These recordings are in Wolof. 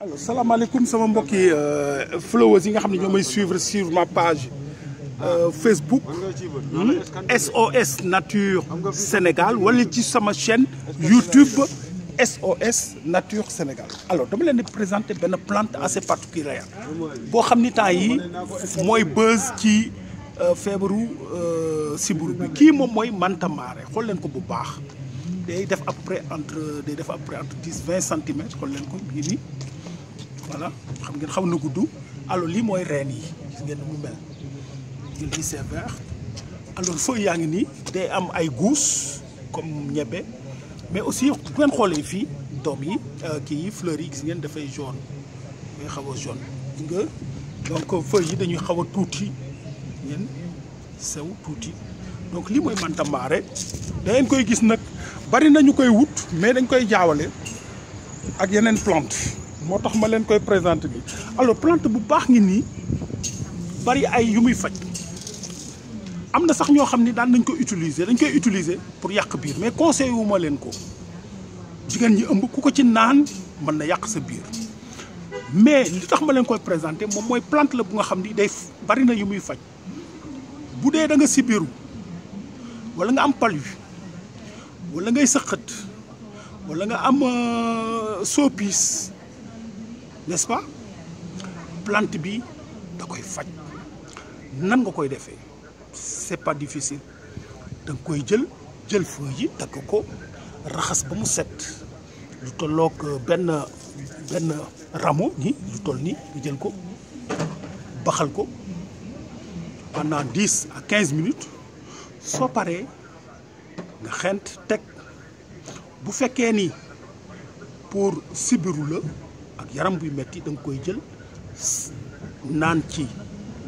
alors salaamaaleykum sama mbokki euh, followers yi nga xam ne ñoo may suivre sur ma page euh, Facebook SOS hmm, Nature Sénégal wala ci sama chaine YouTube SOS Nature Sénégal. alors dama leen di présenter benn plante assez particulière boo xam ni temps yi mooy buzz ci euh, feebaru siburu bi kii moom mooy mantamaare xool leen ko bu baax. day def à près entre day def à peu près dix vingt centimètres xool leen ko ngi nii voilà xam ngeen xaw na gudd alors lii mooy reen yi ngeen mu mel jël ci c'est vert alors yaa ngi nii day am ay guus comme ñebe mais aussi bu ngeen xoolee fii doom yi euh, kii fleur yi gis ngeen dafay jaune day xaw a jaune nga donc feuilles yi dañuy xaw a tuuti ngeen sew tuuti donc lii mooy mantambaare da ngeen koy gis nag bari nañu koy wut mais dañ koy jaawale ak yeneen plante moo tax ma leen koy présenté bi alors plante bu baax ngi nii bari ay yu muy faj am na sax ñoo xam ni daan nañ ko utiliser dañ koy utiliser pour yàq biir mais conseil wu ma leen ko jigéen ñi ëmb ku ko ci naan mën na yàq sa biir mais li tax ma leen koy présenté moom mooy plante la bu nga xam ni day bari na yu muy faj bu dee da nga sibiru wala nga am palu wala ngay sëqat walla nga am euh, sopis n'est-ce pas plante bi da koy faj nan nga koy defee c'est pas difficile da koy jël jël feuilles yi takk ko raxas ba mu set lu tollook euh, benn benn rameau lu toll nii nga jël ko baxal ko pendant dix à quinze minutes soo paree nga xent teg bu fekkee ni pour sibiru la ak yaram buy metti danga koy jël naan ci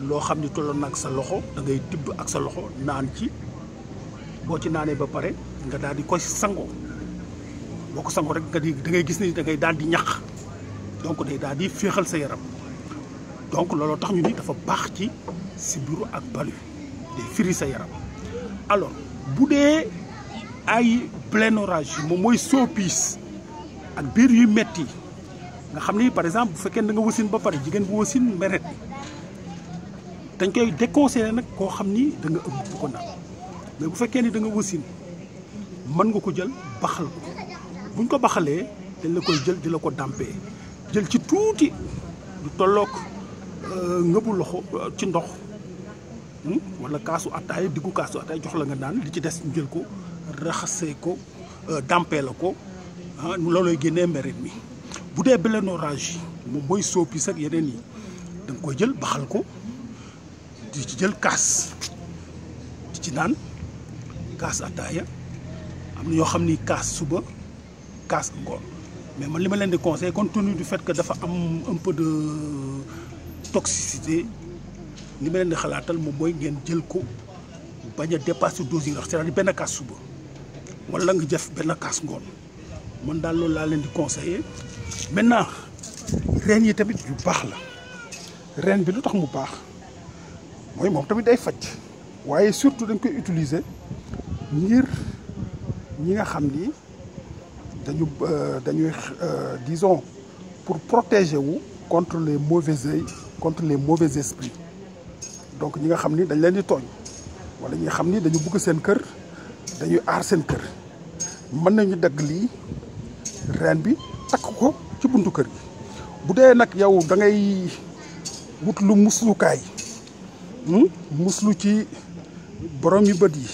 loo xam ni tolloon na ak sa loxo da ngay tibb ak sa loxo naan ci boo ci naanee ba pare nga daal di koy sango boo ko sango rek nga di da ngay gis ni da ngay daal di ñax donc day daal di féexal sa yaram donc looloo tax ñu ni dafa baax ci sibiru ak palu day firi sa yaram alors bu dee ay plénorragie moom mooy soopiis ak biir yuy metti nga xam ni par exemple bu fekkee da nga wasin ba pare jigéen bu wasin meret dañ koy déconseillé nag koo xam ni danga nga ëmb bu ko naan mais bu fekkee ni da nga wasin mën nga ko jël baxal ko buñ ko baxalee dañ la koy jël di la ko dàmpee jël ci tuuti du tolloog euh, ngëbu loxo euh, ci ndox hmm, wala kaasu attaay diggu kaasu attaay jox la nga naan li ci des ñu jël ko raxasee ko euh, dàmpee la ko ah loolooy génnee meret mi. bu dee blé orage yi moom soo soopis ak yeneen yi da nga koy jël baxal ko di ci jël kaas di ci naan kaas ataaya am na yoo xam ni kaas suba kaas ngoon mais man li ma leen di conseil compte tenu du fait dafa am un peu de toxicité li ma leen di xalaatal moom mooy ngeen jël ko bañ a dépasser dose yi nga xam benn kaas suba wala nga jëf benn kaas ngoon man daal loolu laa leen di conseiller maintenant reen yi tamit yu baax la reen bi lu tax mu baax mooy moom tamit day faj waaye surtout dañ koy utiliser ngir ñi nga xam ni dañu euh, dañuy euh, dison pour protéger wu contre les mauvais œil contre les mauvais esprits donc ñi nga xam ni dañ leen di tooñ wala ñi nga xam ni dañu bugg seen kër dañuy aar seen kër mën nañu dagg lii reen bi ci buntu kër gi bu dee nag yow da ngay wut lu muslukaay hmm? muslu ci borom yu bët yi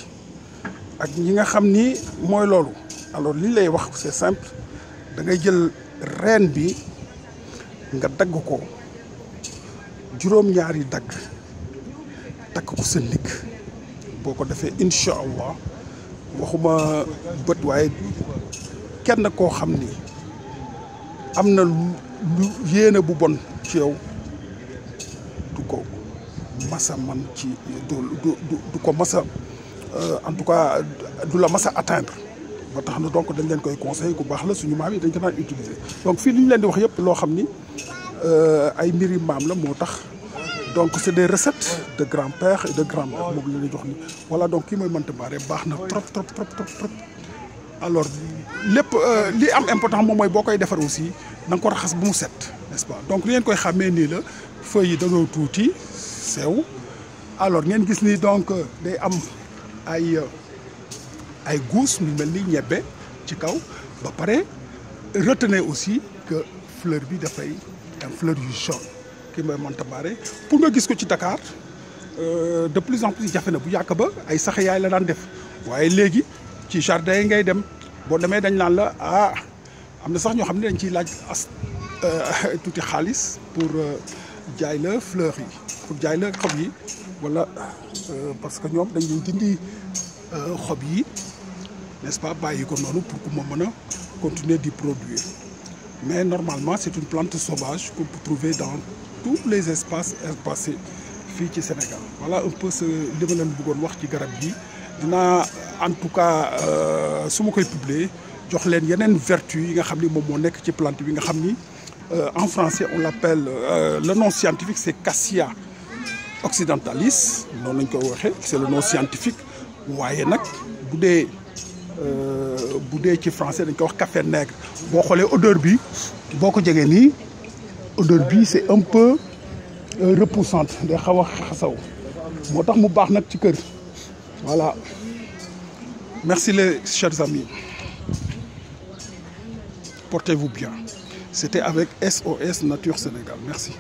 ak ñi nga xam ni mooy loolu alors li lay wax see simple da ngay jël reen bi nga dagg ko juróom-ñaari dagg takk ko sa ndigg boo ko defee incha waxuma bët waaye kenn koo xam ni am na lu yéene bu bon ci yow du ko masa man ci du du ko masa euh, en tout cas du la masa atteindre ba tax na donc dañ leen koy conseil ku baax la suñu maam yi dañ ko daan utiliser donc fii li leen di wax yëpp loo xam ni euh, ay mbiri maam la moo tax donc c'est de recettes de grand-père et de grand-mère moom la ñuy jox ni voilà donc kii mooy mënta baare baax na trop trop trop trop trop alors lépp euh, li am important moom mooy boo koy defar aussi da ko raxas bu mu set n'est-ce pas donc li koy xàmmee nii la feuilles yi dañoo tuuti sew alors ngeen gis nii donc euh, day am ay euh, ay guus mu mel ni ñebbe ci kaw ba pare retenez aussi que fleur bi dafay am fleur ki mooy mantambaare pour nga gis ko ci Dakar de plus en plus jafe na bu yàgg ba ay saxeyaay la daan def waaye léegi. ci jardin yi ngay dem boo demee dañ naan la ah am na sax ñoo xam ne dañ ciy laaj as euh, xaalis pour euh, jaay la fleur yi pour jaay la xob yi wala euh, parce que ñoom dañuy dindi xob yi n'est-ce bàyyi ko noonu pour que moo mën a continuer di produire mais normalement c'est une plante sauvage qu'on peut trouver dans tous les espaces herbacés fii ci Sénégal voilà un peu ce li ma leen bëggoon wax ci garab gi dinaa en tout cas euh, su ma koy publier jox leen yeneen vertu yi nga xam ni moom moo nekk ci plante bi nga xam ni euh, en français on l'appelle euh, le nom scientifique c'est Cassia occidentalis noonu lañ ko waxee c'est le nom scientifique waaye nag bu dee bu dee ci français dañ ko wax café nègre boo xoolee odeur bi boo ko jegee nii odeur bi c'est un peu repoussante day xaw a xasaw moo tax mu baax nag ci kër Voilà. Merci les chers amis. Portez-vous bien. C'était avec SOS Nature Sénégal. Merci.